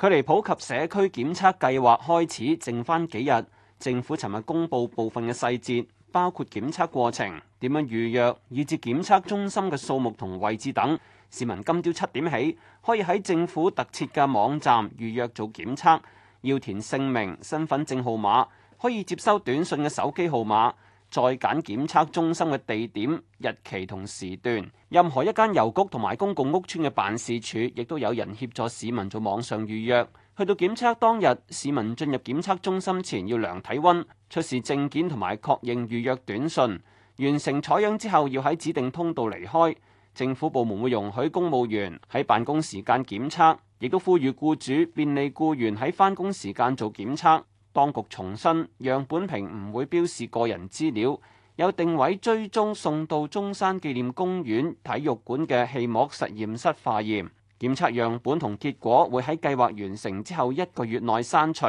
距離普及社區檢測計劃開始剩翻幾日，政府尋日公布部分嘅細節，包括檢測過程、點樣預約，以至檢測中心嘅數目同位置等。市民今朝七點起可以喺政府特設嘅網站預約做檢測，要填姓名、身份證號碼，可以接收短信嘅手機號碼。再揀檢測中心嘅地點、日期同時段，任何一間郵局同埋公共屋邨嘅辦事處，亦都有人協助市民做網上預約。去到檢測當日，市民進入檢測中心前要量體溫、出示證件同埋確認預約短訊。完成採樣之後，要喺指定通道離開。政府部門會容許公務員喺辦公時間檢測，亦都呼籲僱主便利僱員喺返工時間做檢測。當局重申，樣本瓶唔會標示個人資料，有定位追蹤，送到中山紀念公園體育館嘅氣膜實驗室化驗檢測樣本同結果，會喺計劃完成之後一個月內刪除。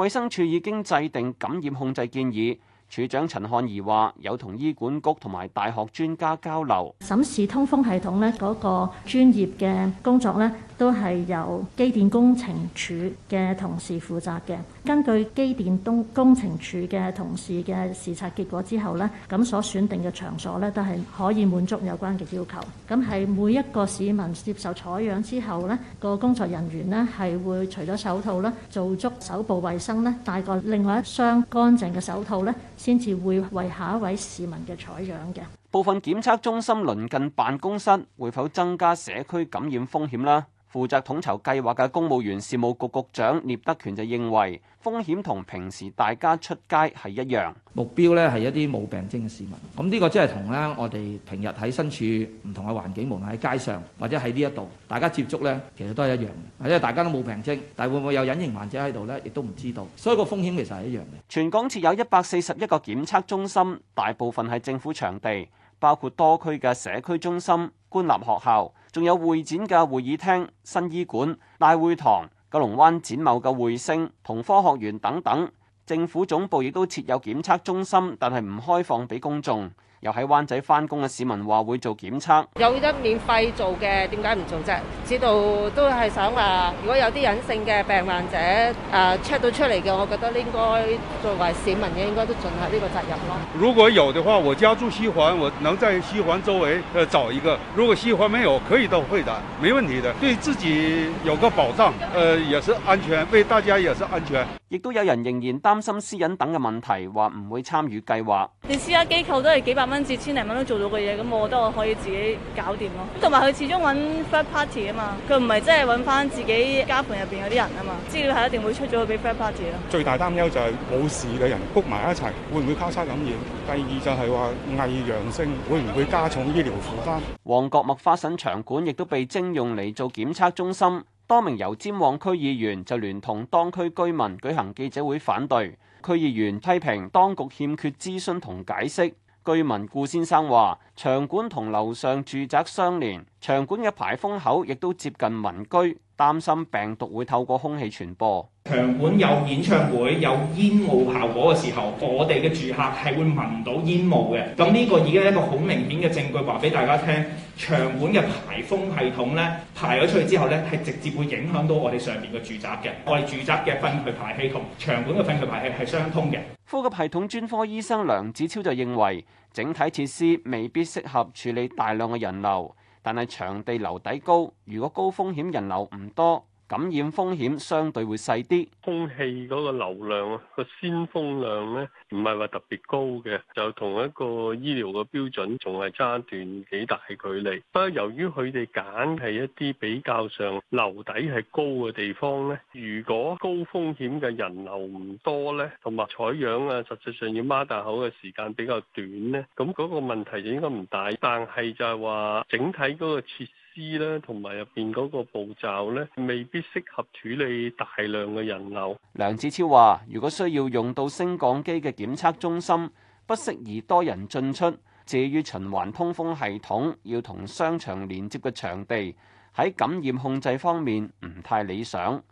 衛生署已經制定感染控制建議，署長陳漢儀話有同醫管局同埋大學專家交流。審視通風系統呢嗰個專業嘅工作呢，都係由機電工程署嘅同事負責嘅。根據機電工程處嘅同事嘅視察結果之後呢，咁所選定嘅場所呢，都係可以滿足有關嘅要求。咁係每一個市民接受採樣之後呢，個工作人員呢，係會除咗手套啦，做足手部衞生呢，戴個另外一雙乾淨嘅手套呢先至會為下一位市民嘅採樣嘅。部分檢測中心鄰近辦公室，會否增加社區感染風險啦？負責統籌計劃嘅公務員事務局局，局長聶德權就認為風險同平時大家出街係一樣，目標咧係一啲冇病徵嘅市民。咁呢個即係同咧我哋平日喺身處唔同嘅環境，無論喺街上或者喺呢一度，大家接觸咧其實都係一樣嘅，因為大家都冇病徵，但係會唔會有隱形患者喺度咧，亦都唔知道，所以個風險其實係一樣嘅。全港設有一百四十一個檢測中心，大部分係政府場地，包括多區嘅社區中心、官立學校。仲有會展嘅會議廳、新醫館、大會堂、九龍灣展貿嘅會聲同科學園等等，政府總部亦都設有檢測中心，但係唔開放俾公眾。又喺灣仔返工嘅市民話會做檢測，有得免費做嘅，點解唔做啫？知道都係想話，如果有啲隱性嘅病患者，誒 check 到出嚟嘅，我覺得應該作為市民嘅，應該都盡下呢個責任咯。如果有的話，我家住西環，我能在西環周圍誒找一個。如果西環沒有，可以到會展，沒問題的，對自己有個保障，誒也是安全，為大家也是安全。亦都有人仍然擔心私隱等嘅問題，話唔會參與計劃。你私家機構都係幾百蚊至千零蚊都做到嘅嘢，咁我覺得我可以自己搞掂咯。同埋佢始終揾 third party 啊嘛，佢唔係真係揾翻自己家盤入邊嗰啲人啊嘛，資料係一定會出咗去俾 third party 咯。最大擔憂就係、是、冇事嘅人焗埋一齊，會唔會交叉感染？第二就係話偽陽性會唔會加重醫療負擔？旺角麥花臣場館亦都被徵用嚟做檢測中心，多名油尖旺區議員就聯同當區居民舉行記者會反對，區議員批評當局欠缺諮詢同解釋。居民顧先生話：場館同樓上住宅相連，場館嘅排風口亦都接近民居。擔心病毒會透過空氣傳播。場館有演唱會有煙霧效果嘅時候，我哋嘅住客係會聞到煙霧嘅。咁、這、呢個已經係一個好明顯嘅證據，話俾大家聽。場館嘅排風系統咧排咗出去之後咧，係直接會影響到我哋上面嘅住宅嘅。我哋住宅嘅廢氣排氣同場館嘅廢氣排氣係相通嘅。呼吸系統專科醫生梁子超就認為，整體設施未必適合處理大量嘅人流。但係場地樓底高，如果高風險人流唔多，感染風險相對會細啲，空氣嗰個流量啊，個先風量咧，唔係話特別高嘅，就同一個醫療嘅標準仲係爭一段幾大距離。不過由於佢哋揀係一啲比較上樓底係高嘅地方咧，如果高風險嘅人流唔多咧，同埋採樣啊，實際上要孖大口嘅時間比較短咧，咁嗰個問題就應該唔大。但係就係話整體嗰個設知咧，同埋入邊嗰個步驟咧，未必適合處理大量嘅人流。梁子超話，如果需要用到升降機嘅檢測中心，不適宜多人進出，至於循環通風系統要同商場連接嘅場地，喺感染控制方面唔太理想。